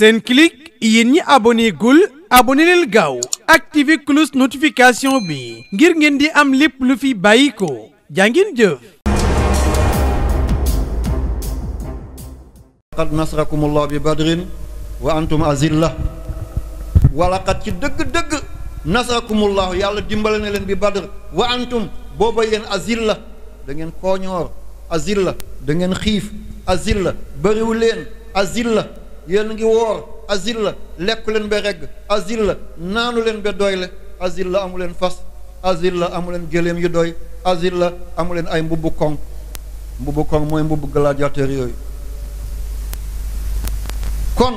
Senclic yéen ñi abonné gul abonné leen gaaw activé cloche notification bi ngir ngeen di am lépp lu fi bàyyi ko jàngin jëf laqad nasrakum allah ci dëgg-dëgg nasrakumullahu yàlla dimbale na leen bi badr wa antum booba yéen azilla dangeen ngeen kooñoor azilla da ngeen xiif azilla bëriwu leen azilla yéen ngi woor asile la lekku leen ba regg asile la naanu leen ba doy le asile la amu leen fas asile la amu leen gëléem yu doy asile la amu leen ay mbubb koŋ mbubbu koŋ mooy mbubbu gladiateur yooyu kon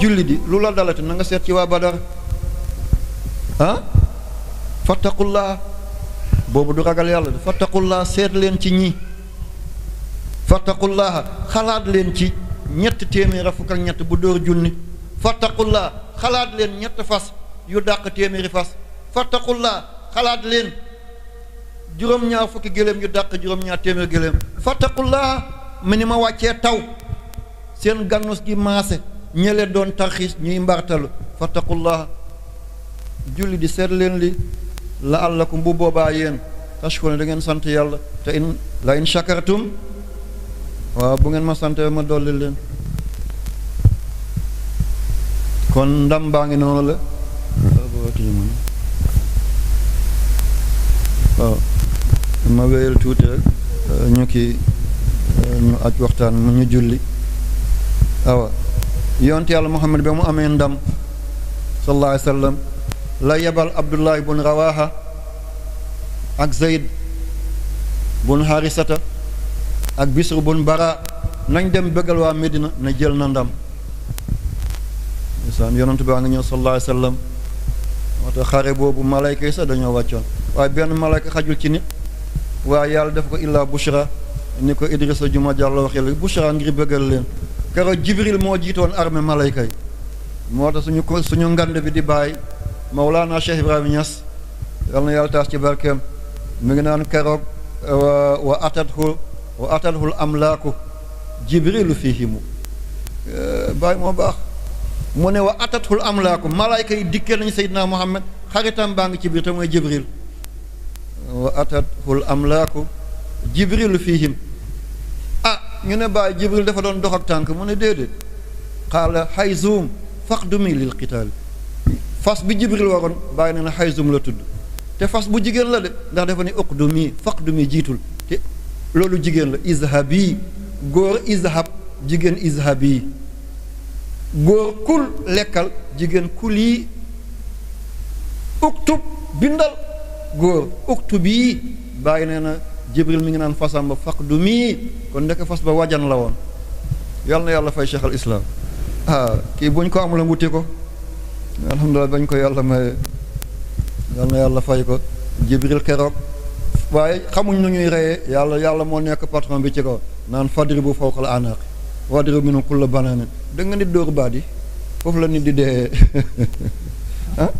julli di lu la dalati na nga seet ci waa Badar ah fattaqullaa boobu du ragal yàlla fattaqullaa seet leen ci ñi fattaqullaa xalaat leen ci ñett téeméer a fukk ak ñett bu dóor junni fattaqullaa xalaat leen ñett fas yu dàq téeméeri fas fattaqullaa xalaat leen juróom-ñaar fukki gëléem yu dàq juróom-ñaar téeméer gëléem fattaqullaa mu ni ma wàccee taw seen gannus gi maase ñële doon tarxiis ñuy mbartalu fattaqullaa julli di seet leen li la àllakum bu boobaa yéen tashkuru da ngeen sant yàlla te in la in shakartum waaw bu ngeen ma sante ma dolli leen kon ndam baa ngi noonu la waaw ma wéyal tuuti euh, ñu kii euh, ñu aj waxtaan mu ñu julli awa yonte yàlla Muhammad ba mu amee ndam sallallahu alayhi wa sallam la yebal Abdullahi bun Rawaha ak Zayd bun Harisata ak bisru bun bara nañ dem bëggal waa Medina ne jël na ndam isaan yonentu baa nga ñëw sallallahu alayhi wasallam moo tax xare boobu malayka yi sax dañoo wàccoon waaye benn malayka xajul ci nit waaye yàlla def ko illaa bushra ni ko Idrissa Juma Jàllo waxee bushra ngir bëggal leen kero jibril moo jiitoon armée malayka yi moo tax suñu ko suñu ngand bi di bàyyi Mawlaana Cheikh Ibrahima Niass yal na yàlla taas ci barkeem mi ngi naan keroog wa atathu wa atalhul amlaaku jibrilu fihimu eh, bàyyi moo baax mu ne wa atathul amlaaku malaayka yi dikkee nañu seydinaa muhammad xaritam baa ngi ci biir te mooy jibril wa atathul amlaaku jibrilu fihim ah ñu ne bàyyi jibril dafa doon dox ak tànk mu ne déedéet xaala xayzum faqdumi lil qitaal fas bi jibril waroon bàyyi na ne xayzum la tudd te fas bu jigéen la de ndax dafa ne uqdumi faqdumi jiitul loolu jigéen la izhabi góor izhab jigéen izhabi góor kul lekkal jigéen kuli uktub bindal góor uktubi bàyyi nee na jibril mi ngi naan fasam ba du mii kon ndek fas ba wajan la woon yàlla na yàlla fay cheikh al islam ah kii buñ ko amula wuti ko alhamdulilah bañ ko yàlla may yàlla yàlla fay ko jibril keroog waaye xamuñ nu ñuy reyee yàlla yàlla moo nekk patron bi ci kaw naan fadri bu fawqal anaq wadri minhu kulla banaanin da nga nit dóor baat yi foofu la nit di dee ah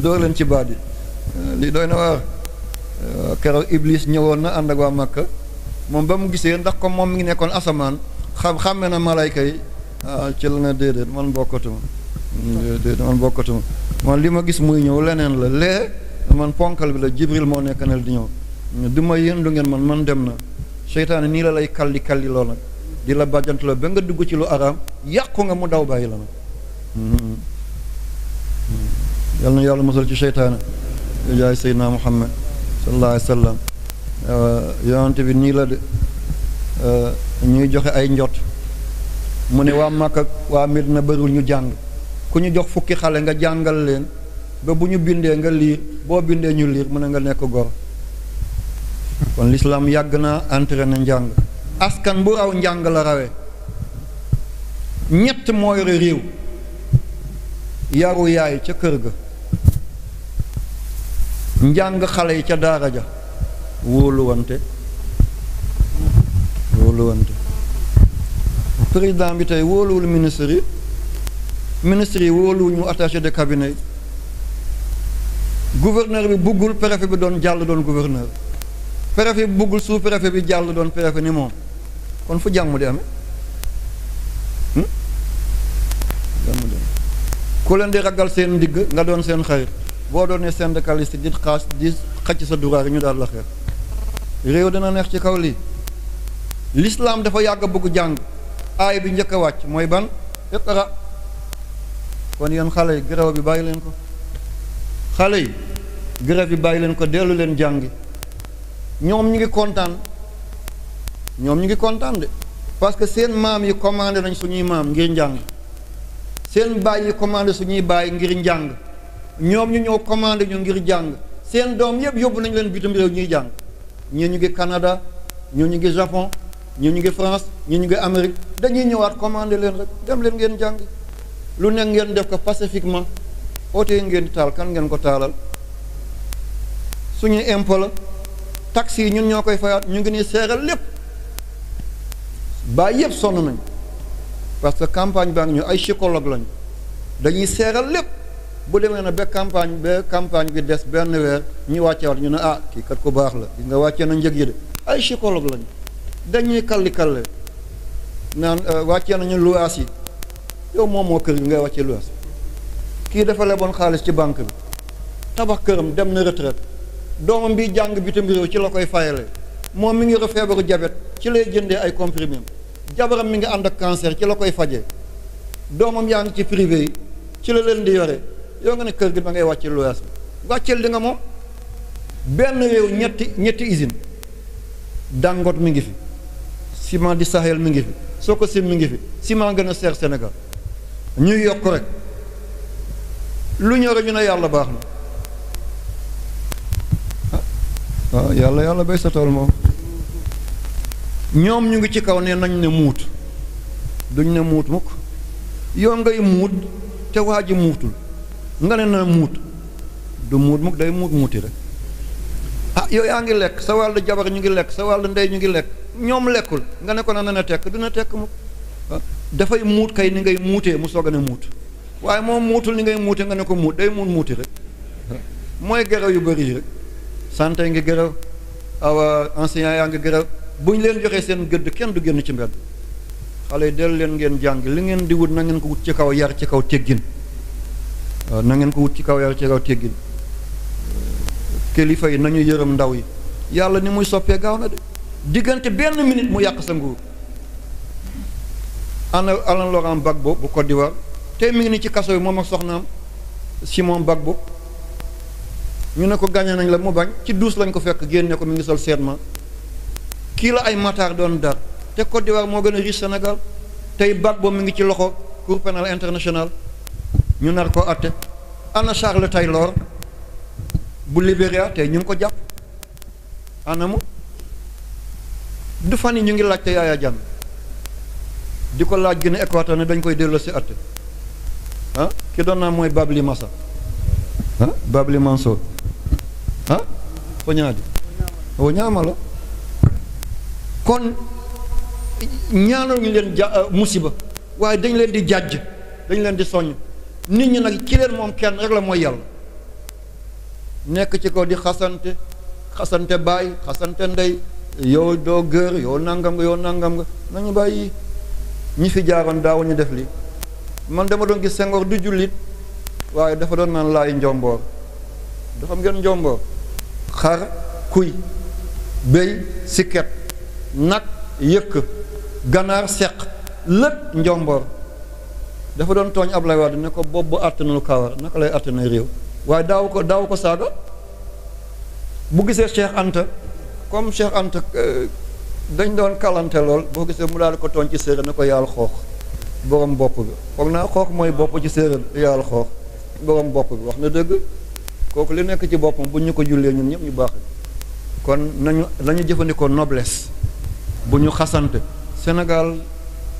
dóor leen ci baat yi eh, lii doy na waar eh, keroog Iblis ñëwoon na ànd ak waa Makka moom ba mu gisee ndax comme moom mi ngi nekkoon asamaan xam xàmme na malayka yi ah, ci la na déedéet man bokkatuma mm, déedéet man li ma gis muy ñëw leneen la lee man ponkal bi la Jibril moo nekk nel di ñëw du ma yéen lu ngeen man man dem na seytaane nii la lay kalli kalli loo nag di la bàjjant la ba nga dugg ci lu araam yàqu nga mu daw bàyyi la nag mm-hmm. mm-hmm. yal na yàlla mosal ci seytaane jaay seydina muhammad sallallahu alayhi wa sallam uh, yonante bi nii la de uh, ñuy joxe ay njot mu ne waa Màkka waa na bariwul ñu jàng ku ñu jox fukki xale nga jàngal leen ba bu ñu bindee nga liir boo bindee ñu liir mu ne nga nekk gor kon lislaam yàgg na entraîné njàng askan bu raw njàng la rawe ñett moo yore réew yaru yaay ca kër ga njàng xale yi ca daara ja wóoluwante wóoluwante président bi tey wóoluwul ministre yi ministre yi wóoluwul mu de cabinet yi gouverneur bi buggul préfet bi doon jàll doon gouverneur préfet bi bëggul sous préfet bi jàll doon préfet ni moom kon fu hmm? jàmm di amee ku leen di ragal seen ndigg nga doon seen xarit boo doonee syndicaliste di xaas di xacc sa duraar ñu daal la xeex réew dana neex ci kaw lii lislaam dafa yàgg a jàng aay bi njëkk a wàcc mooy ban iqra kon yéen xale yi grève bi bàyyi leen ko xale yi grève bi bàyyi leen ko dellu leen jàng jàngi ñoom ñu ngi kontaan ñoom ñu ngi kontaan de parce que seen maam yi commandé nañ suñuy maam ngir njàng seen baay yi suñuy baay ngir njàng ñoom ñu ñëw commandé ñu ngir jàng seen doom yëpp yóbbu nañ leen bitim réew ñuy jàng ñii ñu ngi Canada ñii ñu ngi Japon ñii ñu ngi France ñu ñu ngi Amérique dañuy ñëwaat commandé leen rek dem leen ngeen jàng lu nekk ngeen def ko pacifiquement ootee ngeen di taal kan ngeen ko taalal suñuy impôt taxes yi ñun ñoo koy fayaat ñu ngi nii seeral lépp bàyyi yëpp sonn nañ parce que campagne baa ngi ñu ay psychologue lañu dañuy seeral lépp bu demee na ba campagne ba campagne bi des benn weer ñu wàcceewaat ñu ne ah kii kat ku baax la nga wàccee na njëg yi de ay psychologue lañu dañuy kalli kalle naan euh, wàccee nañu luwaas yi yow moom moo kër gi ngay wàccee luwaas kii dafa leboon xaalis ci banque bi tabax këram dem na retraite doomam bi jàng bitim réew ci la koy fayale moom mi ngi yor feebaru jabet ci lay jëndee ay comprimés jabaram mi ngi ànd ak cancer ci la koy faje doomam yaa ngi ci privé yi ci la leen di yore yow nga kër gi da ngay wàcce loyaas bi wàcceel di nga moom benn réew ñetti ñetti usine Dangote mi ngi fi ciment di Sahel mi ngi fi Sococim mi ngi fi ciment gën a seer Sénégal ñuy yokk rek lu ñore ñu ne yàlla baax na waaw ah, yàlla yàlla béy sa tool moom ñoom ñu ngi ci kaw ne nañ ne muut duñ ne muut mukk yow ngay muut te waa ji muutul nga ne na muut du muut mukk day muut muuti rek ah yow yaa ngi lekk sa wàll jabar ñu ngi lekk sa wàll ndey ñu ngi lekk ñoom lekkul nga ne ko na na tekk dina tekk mukk ah, dafay muut kay ni ngay muutee mu soog a ne muut waaye moom muutul ni ngay muute nga ne ko muut day muut muuti rek ah, mooy geraw yu bari yi rek santé ngi gërëw awa enseignant yaa ngi gërëw bu ñu leen joxee seen gëdd kenn du génn ci mbedd xale yi dellu leen ngeen jàng li ngeen di wut na ngeen ko wut ci kaw yar ci kaw teggin waaw na ngeen ko wut ci kaw yar ci kaw teggin kilifa yi nañu yërëm ndaw yi yàlla ni muy soppee gaaw na de diggante benn minute mu yàq sa nguur ana Alain Laurent Gbagbo bu Côte d'Ivoire tey mi ngi ni ci kaso yi moom ak soxnaam Simon Gbagbo ñu ne ko gàññe nañ la mu bañ ci duus lañ ko fekk génne ko mu ngi sol seen ma kii la ay mataar doon dar te Côte moo gën a riche Sénégal tey baat boobu mi ngi ci loxo Cour pénale internationale ñu nar ko atte ana Charles Taylor bu Libéria tey ñu ngi ko jàpp anamu du fan yi ñu ngi laajte Yahya Jammeh di ko laaj Guinée Équatoriale ne dañ koy delloo si atte ah ki doon naa mooy Babli Massa ah Babli ah oñaadi o ñaamala kon ñaanooñu leen ja euh, musiba waaye dañ leen di jàjj dañ leen di soññ nit ñi nag ci leen moom kenn rek la mooy yàlla nekk ci ko di xasante xasante baay xasante ndey yow doo gër yow nangam nga yow nangam nga nañu bàyyi ñi fi jaaroon daaw ñu def li man dama doon gis sengoor du jullit waaye dafa doon naan laay njomboor dafa ngeen njombo xar kuy béy sikket nag yëkk ganaar seq lépp njomboor dafa doon tooñ Ablaye Wade ne ko bopp bu àttana lu kawar naka lay àttana réew waaye daaw ko daaw ko saaga bu gisee Cheikh Anta comme Cheikh Anta euh, dañ doon kalante lool boo gisee mu daal ko tooñ ci séeréer ne ko yàlla xoox borom bopp bi foog naa xoox mooy bopp ci séeréer yàlla xoox borom bopp bi wax na dëgg kooku li nekk ci boppam bu ñu ko jullee ñun ñëpp ñu baax kon nañu nañu jëfandikoo nobles bu ñu xasante Sénégal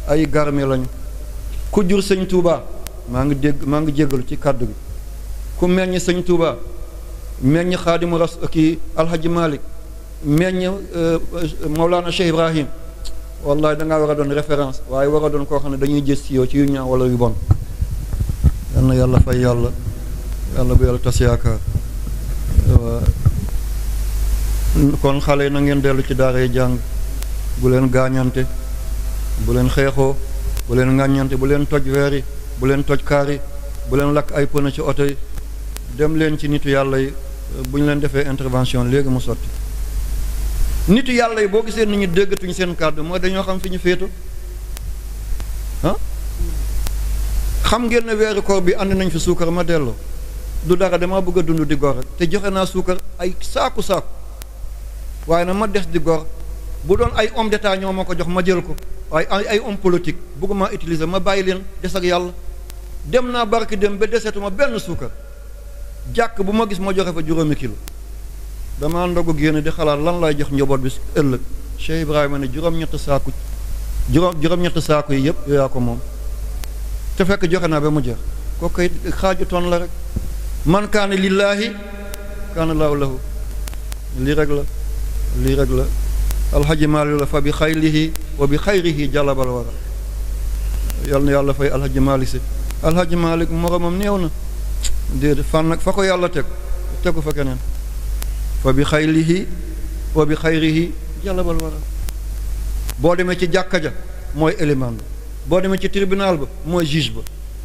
ay garmi lañu ku jur sëñ Touba maa ngi dégg maa ngi jéggalu ci kàddu gi ku meññ sëñ Touba meññ xaadimu ras kii Alhaji Malick meññ euh, Maulana Cheikh Ibrahim wallaay da ngaa war a doon référence waaye war a doon koo xam ne dañuy gis ci yow ci yu ñaaw wala yu bon yal yàlla fay yàlla. yàlla bu yàlla tas yaakaar kon xale yi na ngeen dellu ci daara yi jàng bu leen gaañante bu leen xeexoo bu leen ŋàññante bu leen toj weer yi bu leen toj kaar bu leen lakk ay pneu ci oto yi dem leen ci nitu yàlla yi bu ñu leen defee intervention léegi mu sotti nit yàlla yi boo gisee nit ñi déggatuñ seen kàddu mooy dañoo xam fi ñu feetu ah xam ngeen ne weeru koor bi ànd nañ fi suukar ma delloo du dara damaa bëgg a dund di gor te joxe naa suukar ay saaku saaku waaye na ma des di gor bu doon ay homme d'état ñoo ma ko jox ma jël ko waaye ay homme politique bëgguma utiliser ma bàyyi leen des ak yàlla dem naa barki dem ba desetuma benn suukar jàkk bu ma gis ma joxe fa juróomi kilo damaa ndogu génn di xalaat lan lay jox njaboot bi ëllëg Cheikh Ibrahima ne juróom-ñett saaku juróom juróom saaku yi yëpp yaa ko moom te fekk joxe naa ba mu jeex kooku it xaaju man kaana lillaahi kaana lahu lii rek la lii rek la alxaji maali la fa bi xayrihi wa bi xayrihi jalabal wara yal na yàlla fay alxaji maali si alxaji maalik moromam néew na déedéet fan nag fa ko yàlla teg tegu fa keneen fa bi xayrihi wa bi xayrihi jalabal wara boo demee ci jàkka ja mooy élément ba boo demee ci tribunal ba mooy juge ba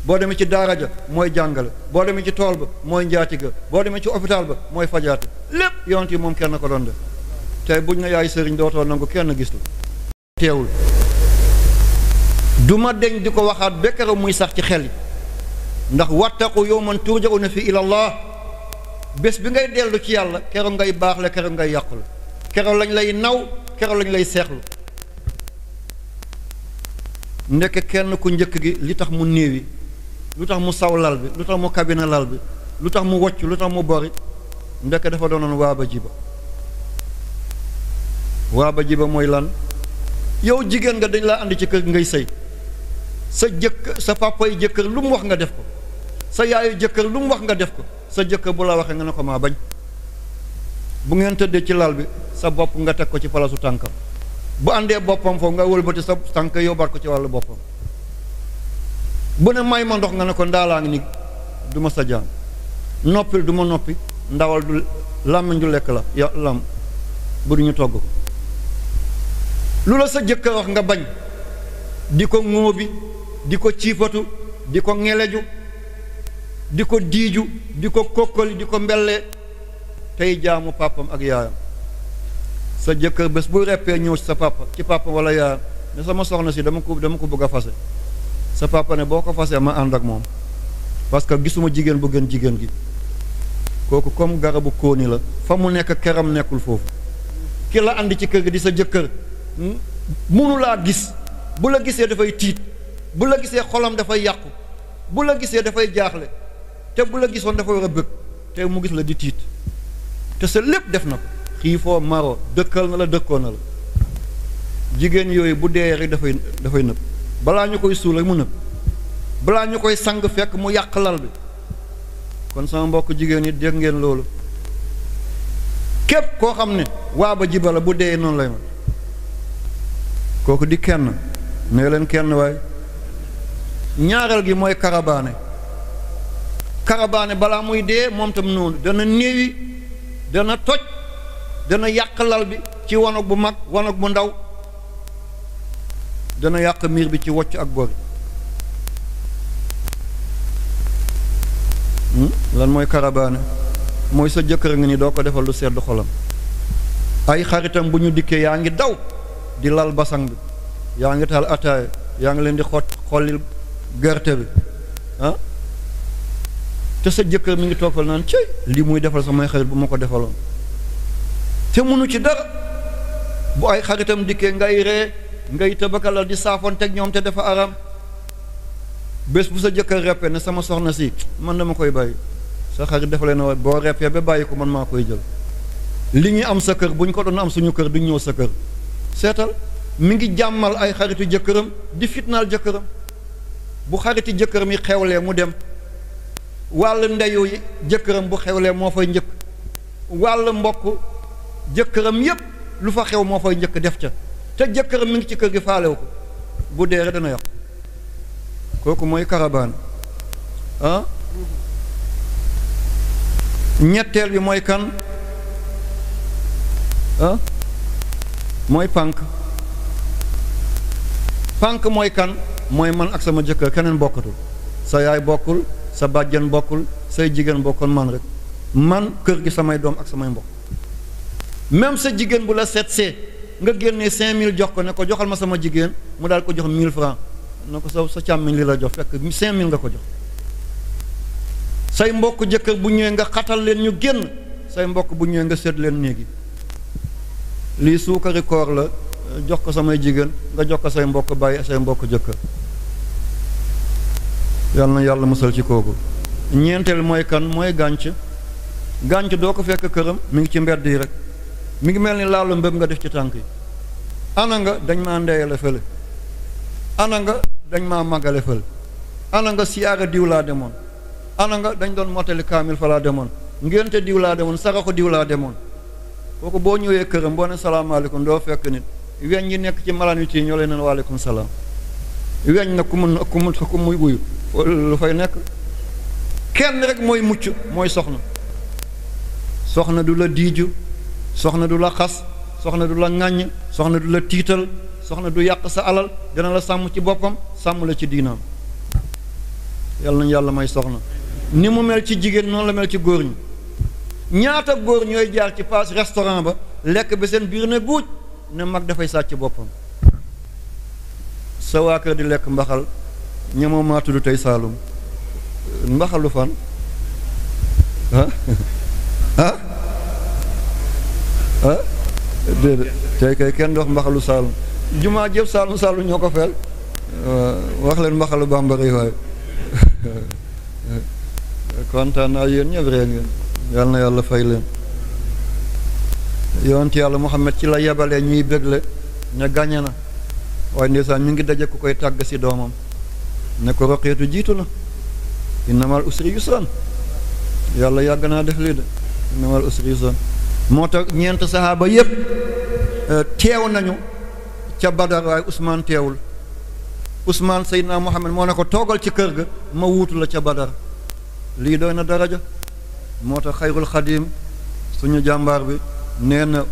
boo demee ci daara ja mooy jàngale boo demee ci tool ba mooy njaati ga boo demee ci hôpital ba mooy fajaate lépp yonent yi moom kenn ko doon def tey buñ na yaay sëriñ dootoo nangu kenn gis la du ma deñ di ko waxaat bekkara muy sax ci xel yi ndax yow wattaqu yawman turja'una fi ila allah bés bi ngay dellu ci yàlla keroog ngay baax la keroog ngay yàqul la keroog lañ lay naw keroog lañ lay seexlu ndekk kenn ku njëkk gi li tax mu néewi lu tax mu saw lal bi lu tax mu kabina lal bi lu tax mu wocc lu tax mu bori ndekk dafa doonoon waaba jiba waaba jiba mooy lan yow jigéen nga dañ laa ànd ci kër ngay sëy sa jëkk sa pàppaay jëkkër lu mu wax nga def ko sa yaayu jëkkër lu mu wax nga def ko sa jëkkër bu la waxee nga ne ko maa bañ bu ngeen tëddee ci lal bi sa bopp nga teg ko ci palaasu tànkam bu àndee boppam foofu nga wëlbati sa tànk yóbbaat ko ci wàllu boppam bu ne may ma ndox nga ne ko ndaalaa ngi ni du ma sa jàng noppil du ma noppi ndawal du làmmiñ du lekk la ya lam bu duñu togg ko lu la sa jëkkër wax nga bañ di ko ŋóobi di ko ciifatu di ko ŋeleju di ko diiju di ko kokkali di ko mbellee tey jaamu papam ak yaayam sa jëkkër bés bu reppee ñëw sa papa ci papa wala yaayam ne sama soxna si dama ko dama ko bëgg a fase sa papa ne boo ko fasee ma ànd ak moom parce que gisuma jigéen bu gën jigéen gi kooku comme garabu kóoni la fa mu nekk keram nekkul foofu ki la ànd ci kër gi di sa jëkkër hmm, munu laa gis bu la gisee dafay tiit bu la gisee xolam dafay yàqu bu la gisee dafay jaaxle te bu la gisoon dafa war a bëgg te mu gis la di tiit te sa lépp def na ko xiifoo maroo dëkkal na la dëkkoo na la jigéen yooyu bu dee rek dafay dafay nëb balaa ñu koy suul rek mu nëb balaa ñu koy sang fekk mu yàq lal bi kon sama mbokk jigéen ñi dégg ngeen loolu képp koo xam ne waaba ba jibala bu dee noonu lay ma kooku di kenn nee leen kenn waaye ñaareel gi mooy karabaane karabaane balaa muy dee moom tam noonu dana néewi dana toj dana yàq lal bi ci wanag bu mag wanag bu ndaw dana yàq miir bi ci wocc ak gori hmm? lan mooy karabaane mooy sa jëkkër ngi ni doo ko defal lu sedd xolam ay xaritam bu ñu dikkee yaa ngi daw di lal basang bi yaa ngi taal ataaya yaa ngi leen di xot xollil gerte bi ah te sa jëkkër mi ngi toog fal naan cey lii muy defal samay xarit bu ma ko defaloon te mënu ci dara bu ay xaritam dikkee ngay ree ngay tëbakalal di teg ñoom te dafa aram bés bu sa jëkkër reppe na sama soxna si man dama koy bàyyi sa xarit dafa leen a boo reppee ba bàyyi ko man maa koy jël li ñuy am sa kër bu ñu ko doon am suñu kër duñ ñëw sa kër seetal mi ngi jàmmal ay xaritu jëkkëram di fitnaal jëkkëram bu xaritu jëkkëram yi xewlee mu dem wàll ndeyu yi jëkkëram bu xewlee moo fay njëkk wàll mbokk jëkkëram yépp lu fa xew moo fay njëkk def ca te jëkkëram mi ngi ci kër gi faalew ko bu deere dana yàqu kooku mooy karabaan ah ñetteel bi mooy kan ah? mooy pànk pànk mooy kan mooy man ak sama jëkkër keneen bokkatul sa yaay bokkul sa bàjjen bokkul say jigéen bokkul man rek man kër gi samay doom ak samay mbokk même sa jigéen bu la seetsee nga génnee cinq mille jox ko ne ko joxal ma sama jigéen mu daal ko jox mille francs na ko sa sa càmmiñ li la jox fekk cinq mille nga ko jox say mbokk jëkkër bu ñëwee nga xatal leen ñu génn say mbokk bu ñëwee nga seet leen néegi lii suukari koor la jox ko samay jigéen nga jox ko say mbokk bàyyi say mbokk jëkkër yàlla na yàlla musal ci kooku ñeenteel mooy kan mooy gànc gànc doo ko fekk këram mu ngi ci mbedd yi rek mi ngi mel ni laalu mbéb nga def ci tànk yi ana nga dañ maa ndeyale fële ana nga dañ maa màggale fële ana nga siyaara diw laa demoon ana nga dañ doon mottali kaamil fa laa demoon ngénte diw laa demoon saraxu diw laa demoon kooku boo ñëwee këram boo ne salaamaaleykum doo fekk nit weñ ñi nekk ci malaan wi ci ñoo leen ne waaleykum salaam weñ na ku mun ku mu ku lu fay nekk kenn rek mooy mucc mooy soxna soxna du la diiju soxna du la xas soxna du la ŋàññ soxna du la tiital soxna du yàq sa alal dina la sàmm ci boppam sàmm la ci diinaam yàlla nañu yàlla may soxna ni mu mel ci jigéen noonu la mel ci góor ñi ñaata góor ñooy jaar ci paas restaurant ba lekk bi seen biir ne guuj ne mag dafay sàcc boppam sa waa kër di lekk mbaxal ñemoo maa tudd tey Saalum mbaxalu fan ah ah déedéet tey kay kenn dox mbaxalu saalum jumaa jëpp saalum saalum ñoo ko feel ah, wax leen mbaxalu bàmbari waaye kontaan naa yéen ñëpp ree ngeen yal na yàlla fay leen yonent yàlla Muhammad ci la yebalee ñuy bégle ne gañe na waaye ndeysaan ñu ngi daje ku koy tàgg si doomam ne ko roqeetu jiitu na innamal usri yusran yàlla yàgg naa def lii de innamal usri yusran moo tax ñeent sahaaba yépp euh, teew nañu ca Badar waaye Ousmane teewul Ousmane Seydina Muhammad moo ne ko toogal ci kër ga ma wuutu la ca Badar lii doy na daraja moo tax xayrul xadim suñu jàmbaar bi nee na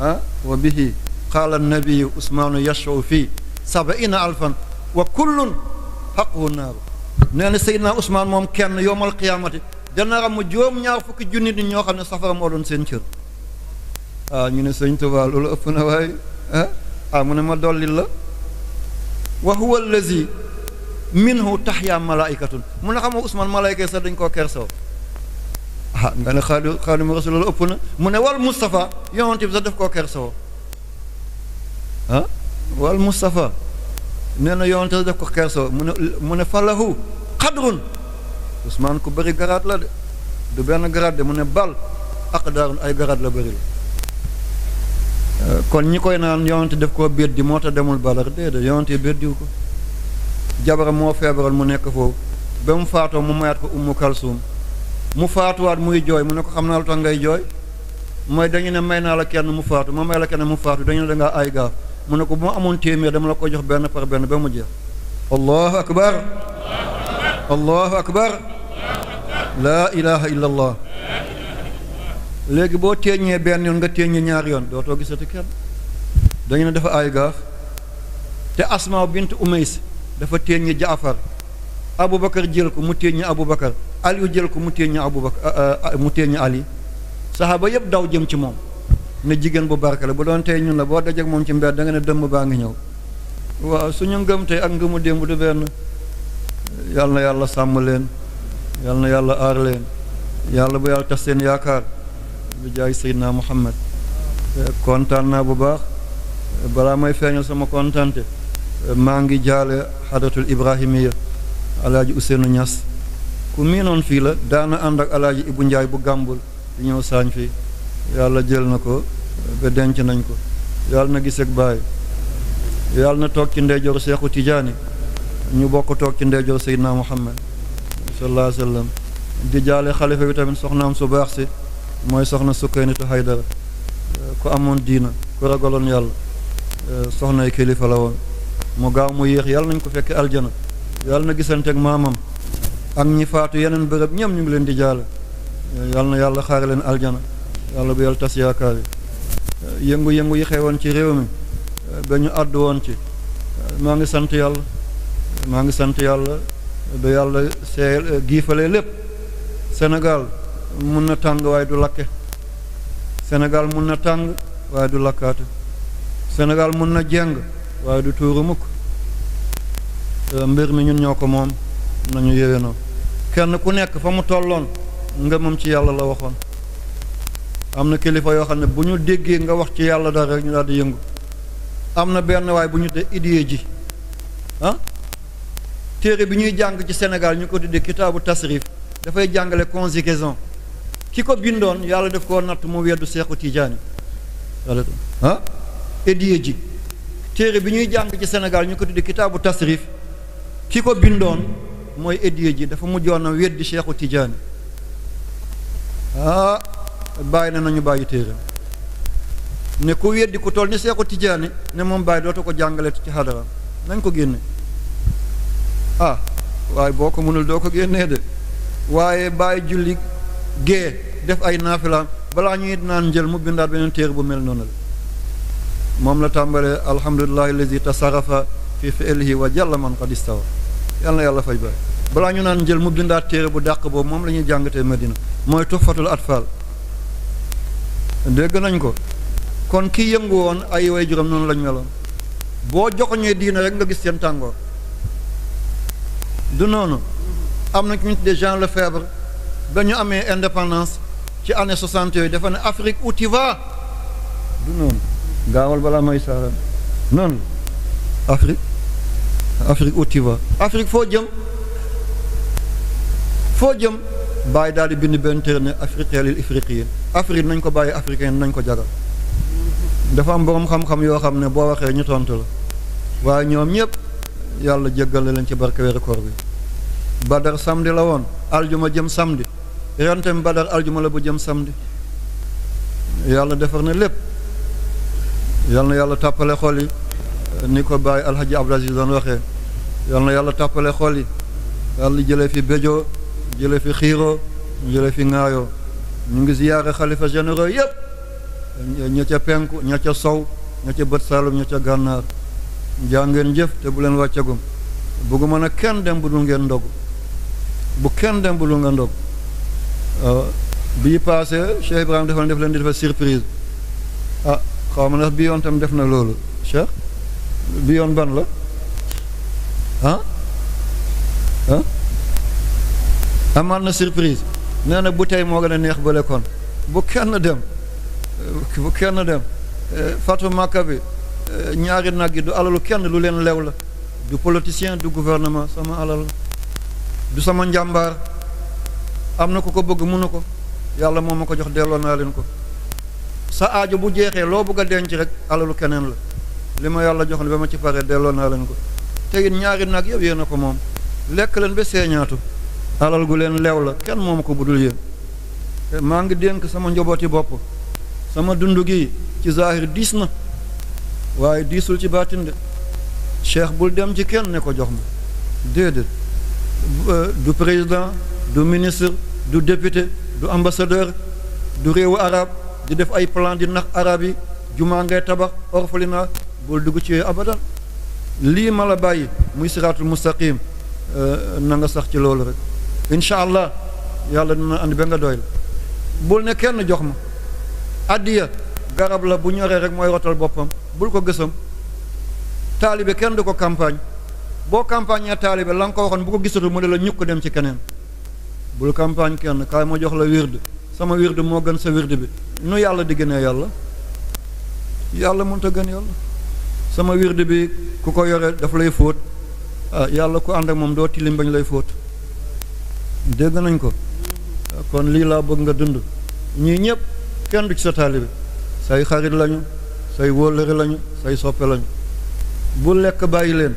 ah wa bihi qaala nabiyu Ousmaanu yashau fii sabaina alfan wa kullun xaquhu naaru nee na naa Ousmane moom kenn yowmal qiyaamati dana ram juróom-ñaar fukki junni nit ñoo xam ne safara moo doon seen cër ah ñu ne sëñ Tuba loolu ëpp na waaye ah? ah mu ne ma dollil la wa huwa allazi minhu taxyaa malaayikatun mun na xam nga Ousmane malaayika sax dañ koo kersoo ah nga ne xaadi mu ne wal Moustapha yonent bi sax daf koo kersoo ah? wal Moustapha nee na yonent sax daf ko kersoo mu ne mu ne falahu xadrun Ousmane ku bari garaat la de du benn garaat de mu ne bal aqdaarun ay garaat la bari la kon ñi koy naan yonante daf koo biir di moo tax demul Badar déedéet yonante biir diw ko jabaram moo feebaral mu nekk foofu ba mu faatoo mu mayaat ko ummu kalsuum mu faatuwaat muy jooy mu ne ko xam naa lu tax ngay jooy mooy dañu ne may naa la kenn mu faatu ma may la kenn mu faatu dañu ne da ngaa ay gaaf mu ne ko bu ma amoon téeméer dama la ko jox benn par benn ba mu jeex allahu akbar allahu akbar laa ilaha illa léegi boo teeñee benn yoon nga téeñee ñaari yoon dootoo gisati kenn dañu ne dafa ay gaaf te asma bint umays dafa téeñee jaafar aboubacar jël ko mu téeñee aboubacar aliou jël ko mu téeñee aboubacar mu téeñee ali saxaaba yëpp daw jëm ci moom ne jigéen bu barke la bu doon tey ñun la boo dajek moom ci mbedd da nga ne dëmm baa ngi ñëw waaw suñu ngëm tey ak ngëmu démb du benn yàlla yàlla sàmm leen yàlla na yàlla aar leen yàlla bu yàlla tas seen yaakaar bi jaay Seydina Muhammad eh, kontaan naa bu baax eh, balaa may feeñal sama kontante eh, maa ngi jaale xadratul ibrahimiya alaaji Ousseynou ñas ku miinoon fii la daana ànd ak alaaji Ibu Njaay bu gàmbul di ñëw saañ fi yàlla jël na ko ba denc nañ ko yàlla na gis ak bàyyi yàlla na toog ci ndeyjoor seexu tijaani ñu bokk toog ci ndeyjoor seydina muhammad sallallahu alayhi wa di jaale xalifa bi tamit soxnaam su baax si mooy soxna sukkaynatu haydara ku amoon diina ku ragaloon yàlla soxna kilifa la woon mu gaaw mu yéex yàlla nañ ko fekk aljana yàlla na gisante ak maamam ak ñi faatu yeneen bërëb ñoom ñu ngi leen di jaale yàlla na yàlla xaare leen aljana yàlla bu yàlla tas yaakaar yi yëngu-yëngu yi xewoon ci réew mi dañu ñu àddu woon ci maa ngi sant yàlla maa ngi sant yàlla ba yàlla see giifalee lépp Sénégal mun na tàng waaye du lakke Sénégal mun na tàng waaye du lakkaate Sénégal mun na jeng waaye du tuuru mukk euh, mbir mi ñun ñoo ko moom nañu yéwénoo kenn ku nekk fa mu tolloon ngëmam ci yàlla la waxoon am na kilifa yoo xam ne bu ñu déggee nga wax ci yàlla dara rek ñu daal di yëngu am na benn waaye bu ñu te idée ji ah téere bi ñuy jàng ci Sénégal ñu ko tuddee kitaabu tasrif dafay jàngale conjugaison ki ko bindoon yàlla def koo natt mu weddu seexu tijaani yàlla ah édiye ji téere bi ñuy jàng ci senegal ñu ko tuddi kitaabu tasrif ki ko bindoon mooy édiye ji dafa mujjoon a weddi seexu tijaani ah bàyyi na nañu bàyyi téere ne ku weddi ku toll ni seexu tijaani ne moom bàyyi dootu ko jàngale ci xadara nañ ko génne ah waaye boo ko mënul doo ko génnee de waaye bàyyi julli gée def ay naafilaam balaa ñuy naan njël mu bindaat beneen téere bu mel noonu la moom la tàmbalee alhamdulillahi allazi tasarafa fi fi'lihi wa jalla man qad yàlla yàlla fay bay balaa ñu naan njël mu bindaat téere bu dàq boobu moom la ñuy jàngatee Medina mooy tuxfatul atfal dégg nañ ko kon ki yëngu woon ay way juróom noonu lañ meloon boo joxoñee diina rek nga gis seen tàngoor du noonu am na ñu tuddee Jean Lefebvre ba ñu amee indépendance ci année soixante yooyu dafa ne Afrique où tu du noonu gaawal balaa may saara noonu la Afrique Afrique où tu Afrique foo jëm foo jëm bàyyi daal di bind benn téere ne africain lil ifriqiyin Afrique nañ ko bàyyi africain nañ ko jagal dafa am boroom xam-xam yoo xam ne boo waxee ñu tontu la waaye ñoom ñëpp yàlla jéggale leen ci barke weeru koor bi Badar samedi la woon aljuma jëm samedi yontem badar aljuma la bu jëm samedi yàlla defar na lépp yal na yàlla tàppale xol yi ni ko bàyyi alhaji Abdou Aziz doon waxee yal yàlla tàppale xol yi yàlla jële fi béjoo jële fi xiiroo jële fi ŋaayoo ñu ngi ziyaare xalifa généro yëpp ña ca penku ña ca sow ña ca bët saalum ña ca gànnaar jaa ngeen jëf te bu leen wàccagum bëgguma nag kenn dem bu dul ngeen ndog bu kenn dem bu dul ngeen ndog Euh, bii passé Cheikh Ibrahima dafa def leen di defal surprise ah xaw ma ndax bii yoon tam def na loolu Cheikh bii yoon ban la ah ah na surprise nee na bu tey moo gën a neex ba lekkoon bu kenn dem euh, bu kenn dem euh, fatu màkka bi ñaari nag yi du alalu kenn lu leen lew la du politicien du gouvernement sama alal du sama njàmbaar am na ku ko bëgg mun na ko yàlla moom ma ko jox delloo naa leen ko sa aajo bu jeexee loo bugg a denc rek alalu keneen la li ma yàlla jox ne ba ma ci paree delloo naa leen ko te it ñaari nag yëpp yéen ko moom lekk leen ba seeñaatu alal gu leen lew la kenn moomu ko budul yéen maa ngi dénk sama njobooti bopp sama dund gi ci zahir diis na waaye diisul ci baatin de cheikh bul dem ci kenn ne ko jox ma déedéet euh, du président du ministre du député du ambassadeur du réewu arab di def ay plan di nax arab yi jumaa ngay tabax orphelinat bul dugg ci yooyu lii ma la bàyyi muy siraatul mustaqim euh, na nga sax ci loolu rek incha allah yàlla dina andi ba nga doy la bul ne kenn jox ma addiya garab la bu ñoree rek mooy rotal boppam bul ko gësam taalibe kenn du ko campagne boo campagne taalibe la nga ko waxoon bu ko gisatu mu ne la ñukk dem ci keneen bul campagne kenn kaay ma jox la wird sama wird moo gën sa wird bi nu yàlla di gënee yàlla yàlla mënut a gën yàlla sama wird bi ku ko yore daf lay fóot ah yàlla ku ànd ak moom doo tilim bañ lay fóot dégg nañ ko ah, kon lii laa bëgg nga dund ñii ñëpp kenn du ci sa taalibe say xarit lañu say wóllëre lañu say soppe lañu bu lekk bàyyi leen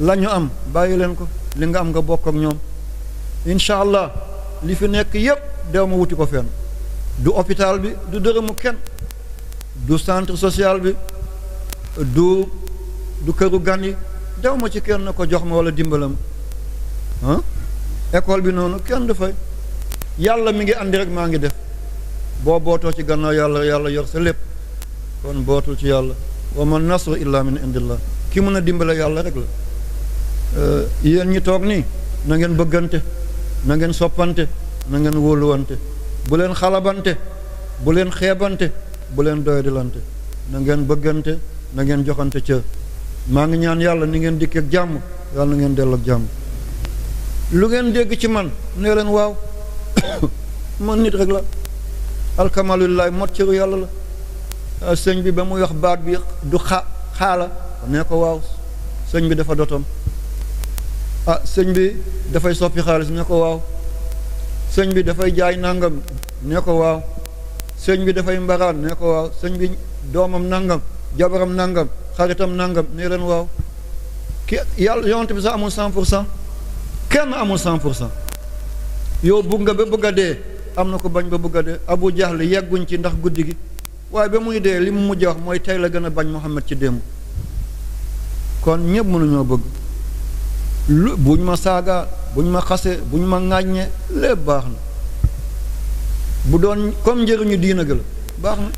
lañu am bàyyi leen ko li nga am nga bokk ak ñoom incha allah li fi nekk yépp dew ma wuti ko fenn du hôpital bi du dërëmu kenn du centre social bi du du këru gan yi dew ma ci kenn ko jox ma wala dimbalam ah école bi noonu kenn du fay yàlla mi ngi àndi rek maa ngi def boo bootoo ci gannaaw yàlla yàlla yor sa lépp kon bootul ci yàlla wa man nasru illa min indillah ki mën a dimbale yàlla rek la euh, yéen ñi toog nii na ngeen bëggante na ngeen soppante na ngeen wóoluwante bu leen xalabante bu leen xeebante bu leen doyadilante na ngeen bëggante na ngeen joxante ca maa ngi ñaan yàlla ni ngeen dikk ak jàmm yàlla na ngeen dellu ak jàmm lu ngeen dégg ci man nee leen waaw man nit rek la alkamalulilaay mot ciru yàlla la ah, sëñ bi ba mu yox baat bi du xa xaala nee ko waaw sëñ bi dafa dotom ah sëñ bi dafay soppi xaalis ne ko waaw sëñ bi dafay jaay nangam ne ko waaw sëñ bi dafay mbaraan ne ko waaw sëñ bi doomam nangam jabaram nangam xaritam nangam ne leen waaw ki yàlla yonent bi sax amul cent pour cent kenn amul cent pour cent yow bugg nga ba bëgga a dee am na ko bañ ba bëgg a dee abu jahl yegguñ ci ndax guddi gi waaye ba muy dee li mu mujj wax mooy tey la gën a bañ Muhammad ci démb kon ñëpp mënuñoo bëgg lu bu ma saaga buñ ma xase bu ñu ma ŋàññe lépp baax na bu doon comme njëriñu diina gi la baax na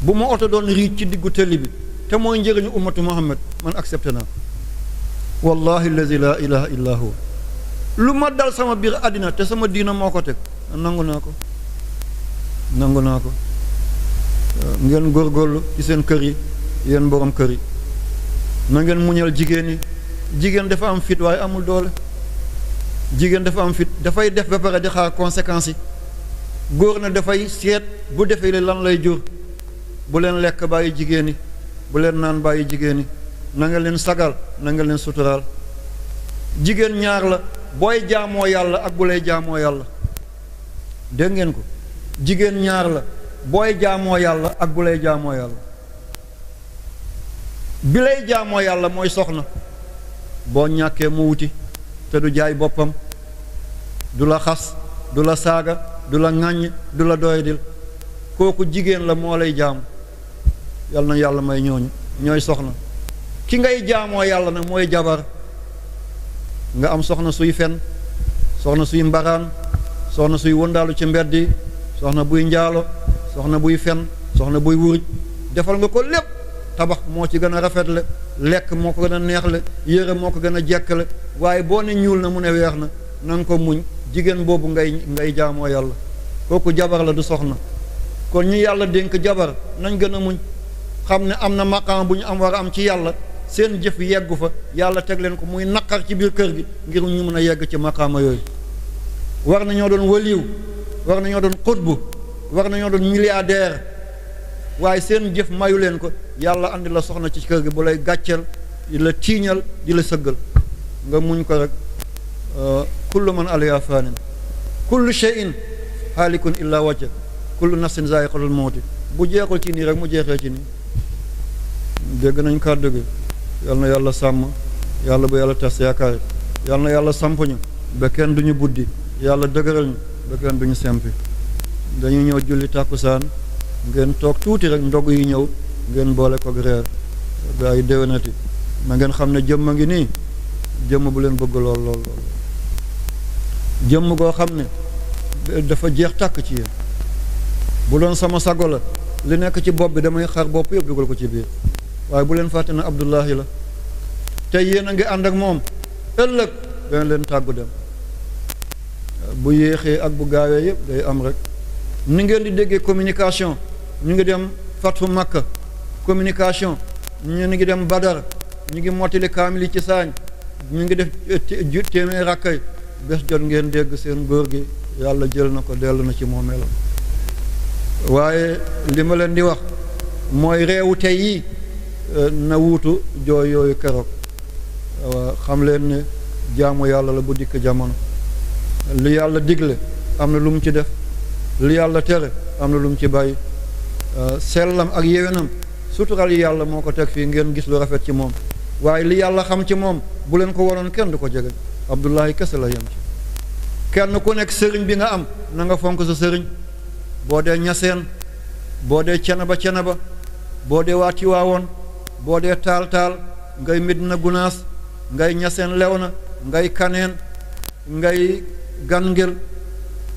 bu ma oto doon riic ci diggu tëlli bi te mooy njëriñu ummatu muhammad man accepté naa wallahi lazi laa ilaha huwa lu ma dal sama biir àddina te sama diina moo ko teg nangu naa ko nangu naa ko ngeen góorgóorlu ci seen kër yi yéen borom kër yi na ngeen muñal jigéen yi jigéen dafa am fit waaye amul doole jigéen dafa am fit dafay def ba pare di xaar conséquences yi góor na dafay seet bu defee li lan lay jur bu leen lekk bàyyi jigéen ñi bu leen naan bàyyi jigéen ñi na nga leen sagal nanga leen suturaal jigéen ñaar la booy jaamoo yàlla ak bu lay yàlla dégg ngeen ko jigéen ñaar la booy jaamoo yàlla ak bu lay jaamoo yàlla bi lay jaamoo yàlla mooy soxna boo ñàkkee mu wuti te du jaay boppam du la xas du la saaga du la ŋàññ du la doyadil kooku jigéen la moo lay jaamu yal na yàlla may ñooñu ñooy soxna ki ngay jaamoo yàlla na mooy jabar nga am soxna suy fen soxna suy mbaraan soxna suy wëndaalu ci mbedd yi soxna buy njaalo soxna buy fen soxna buy wuruj defal nga ko lépp tabax moo ci gën a rafet la lekk moo ko gën a neex la yére moo ko gën a jekk la waaye boo ne ñuul na mu ne weex na na ko muñ jigéen boobu ngay ngay jaamoo yàlla kooku jabar la du soxna kon ñu yàlla dénk jabar nañ gën a muñ xam ne am na maqaam bu ñu am war a am ci yàlla seen jëf yeggu fa yàlla teg leen ko muy naqar ci biir kër gi ngir ñu mën a yegg ci maqaama yooyu war nañoo doon waliw war nañoo doon xutbu war nañoo doon milliardaire waaye seen jëf mayu leen ko yàlla andi la soxna ci kër gi bu lay gàcceel di la tiiñal di la sëggal nga muñ ko rek euh, kullu man aliya faanin kullu shay'in haalikun illa wajha kullu nafsin zaa'iqatul mawti bu jeexul ci nii rek mu jeexee ci nii dégg nañ kàddu gi yal na yàlla sàmm yàlla bu yàlla tas yaakaar yal na yàlla samp ñu ba kenn du ñu buddi yàlla dëgëral ñu ba kenn du ñu sempi dañuy ñëw julli tàkkusaan ngeen toog tuuti rek ndog yi ñëw ngeen boole ko reer gaa yi déwénati na xam ne jëmm a ngi nii jëmm bu leen bëgg lool lool lool jëmm goo xam ne dafa jeex tàkk ci yéen bu doon sama sago la li nekk ci bopp bi damay xar bopp yëpp dugal ko ci biir waaye bu leen fàtte na Abdullahi la te yéen a ngi ànd ak moom ëllëg dana leen tàggu dem bu yéexee ak bu gaawee yëpp day am rek ni ngeen di déggee communication ñu ngi dem fatu Makka communication ñu ngi dem Badar ñu ngi mottali kaamil ci saañ ñu ngi def ju téeméer rakkay bés jot ngeen dégg seen góor gi yàlla jël na ko dellu na ci moomeelam waaye li ma leen di wax mooy réewu tey yi euh, na wuutu jooy yooyu keroog euh, xam leen ne jaamu yàlla la bu dikk jamono li yàlla digle am na lu mu ci def li yàlla tere am na lu mu ci bàyyi euh, sellam ak yéwenam sutural yi yàlla moo ko teg fii ngeen gis lu rafet ci moom waaye li yàlla xam ci moom bu leen ko waroon kenn du ko jege Abdullahi kese la yem ci kenn ku nekk sëriñ bi nga am nanga fonk sa sëriñ boo dee ñaseen boo dee cene ba cene ba boo dee waa Tiwaawoon boo dee taal taal ngay na Gunaas ngay ñaseen Léona ngay kaneen ngay gan gàngel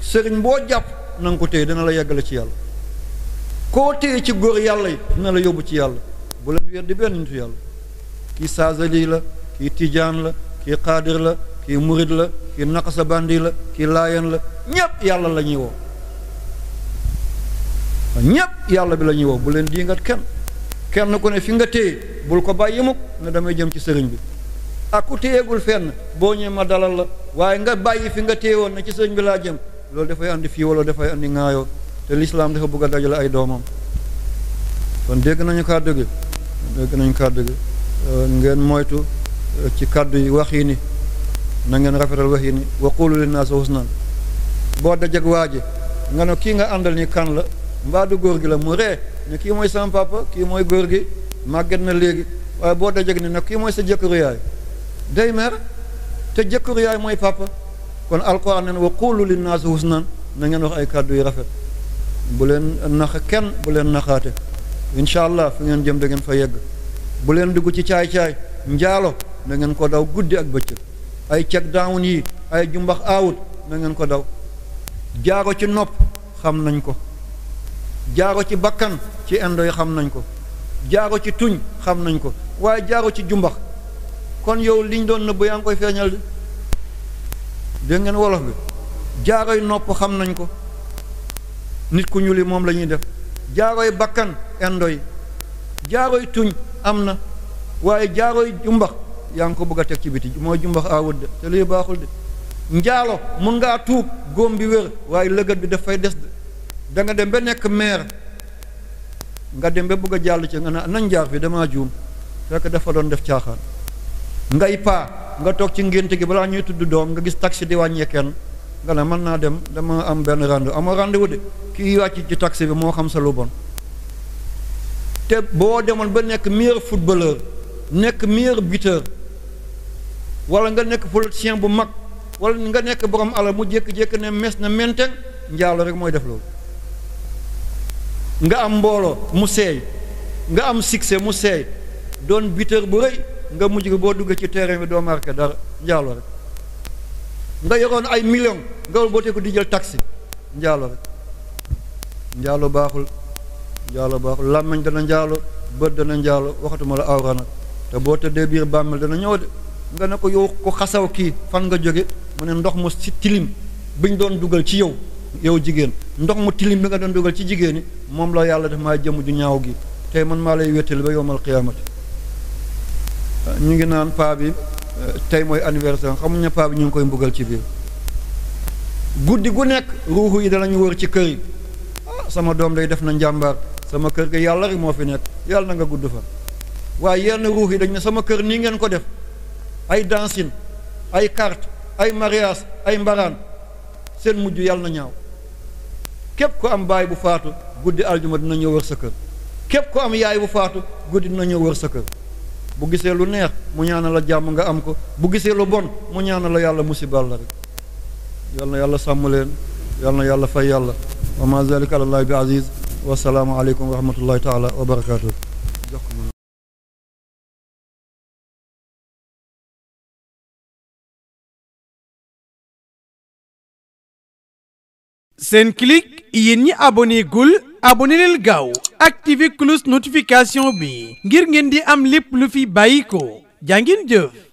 sëriñ boo jàpp na ko téye dana la yeggale ci yàlla koo téye ci góor yàlla yi dina la yóbbu ci yàlla bu leen weddi benn nitu yàlla kii saazali la kii tijaan la kii qaadir la kii murid la kii naqasa bandi la kii laayan la ñépp yàlla la ñuy woo ñépp yàlla bi la ñuy woo bu leen diingat kenn kenn ku ne fi nga téye bul ko bàyyi mukk ne damay jëm ci sëriñ bi ak ku téyeegul fenn boo ñëwee ma dalal la waaye nga bàyyi fi nga téye woon ne ci sëriñ bi laa jëm loolu dafay andi fii wala dafay andi ŋaayoo te lislaam dafa bëgg a la ay doomam kon dégg nañu kàddu gi dégg nañu kàddu gi euh, ngeen moytu euh, ci kàddu yi wax yi ni na ngeen rafetal wax yi ni waqulu linnaasi husnan boo dajeg waa ji nga ne kii nga àndal ni kan la mbaa góor gi la mu ree ne kii mooy sama papa kii mooy góor gi màgget na léegi waaye boo dajeg ni nag kii mooy sa jëkkëru yaay day mer te jëkkëru yaay mooy papa kon alquran neen waqulu linnaasi husnan na ngeen wax ay kàddu yi rafet bu leen nax kenn bu leen naxaate incha allah fi ngeen jëm dangeen fa yegg bu leen dugg ci caay-caay njaalo da ngeen ko daw guddi ak bëccëg ay ceg daawun yi ay jumbax aawut nangeen ko daw jaaro ci nopp xam nañ ko jaaro ci bakkan ci indo xam nañ ko jaaro ci tuñ xam nañ ko waaye jaaro ci jumbax kon yow liñ doon nëbb yaa ngi koy feeñal de dégg wolof bi jaaro yi nopp xam nañ ko nit ku ñuul yi moom lañuy ñuy def jaarooy bakkan indo yi jaarooy tuñ am na waaye jaarooy jumbax yaa ngi ko bëgg a teg ci biti mooy jumbax aawut de te luy baaxul de njaalo mun ngaa tuub góom bi wér waaye lëgët bi daf fay des de da nga dem ba nekk maire nga dem ba bëgg a jàll ci nga na nañ jaar bi damaa juum fekk dafa doon def caaxaan ngay paa nga toog ci ngénte gi balaa ñuy tudd doom nga gis taxi di kenn nga ne mën naa dem dama am benn rendez-vous amoo rendez-vous de kii wàcc ci taxi bi moo xam sa lu bon te boo demoon ba nekk meilleur footballeur nekk meilleur buteur wala nga nekk politicien bu mag wala nga nekk borom alal mu jékki-jékki ne mes na menteng njaalo rek mooy def loolu nga am mbooloo mu seey nga am succès mu seey doon buteur bu rëy nga mujj gi boo duggee ci terrain bi doo marqué dara njaalo rek nga yoroon ay million nga wëlbatee ko di jël taxi njaalo rek njaalo baaxul njaalo baaxul làmmiñ dana njaalo bët dana njaalo waxatuma la awra nag te boo tëddee biir bàmmel dana ñëw nga ne ko yow ko xasaw kii fan nga jóge mu ne ndox mu si tilim biñ doon dugal ci yow yow jigéen ndox mu tilim bi nga doon dugal ci jigéen ñi moom la yàlla def maa jëmm ju ñaaw gi tey man maa lay wéttali ba yowmal qiyaamati ñu ngi naan paa bi tey mooy anniversaire xamuñ ne paa ñu ngi koy mbugal ci biir guddi gu nekk ruuxu yi danañu wër ci kër yi ah, sama doom day def na njàmbaar sama kër ga yàlla rek moo fi nekk yàlla na nga gudd fa waaye yenn ruux yi dañ ne sama kër nii ngeen ko def ay dansin ay kart ay mariage ay mbaraan seen mujj yàlla na ñaaw képp ku am baay bu faatu guddi aljuma dina ñëw wër sa kër képp ku am yaay bu faatu guddi dina ñëw wër sa kër bu gisee lu neex mu ñaana la jàmm nga am ko bu gisee lu bon mu ñaana la yàlla musibal la rek yal na yàlla sàmm leen yal na yàlla fay yàlla wa ma zalika àlallaahi bi aziz wasalaamu aleykum wa rahmatullahi taala wa barakatuh seen Senclic yéen ñi abonné gul abonné gaaw activé cloche notification bi ngir ngeen di am lépp lu fi bàyyi ko jàngin jëf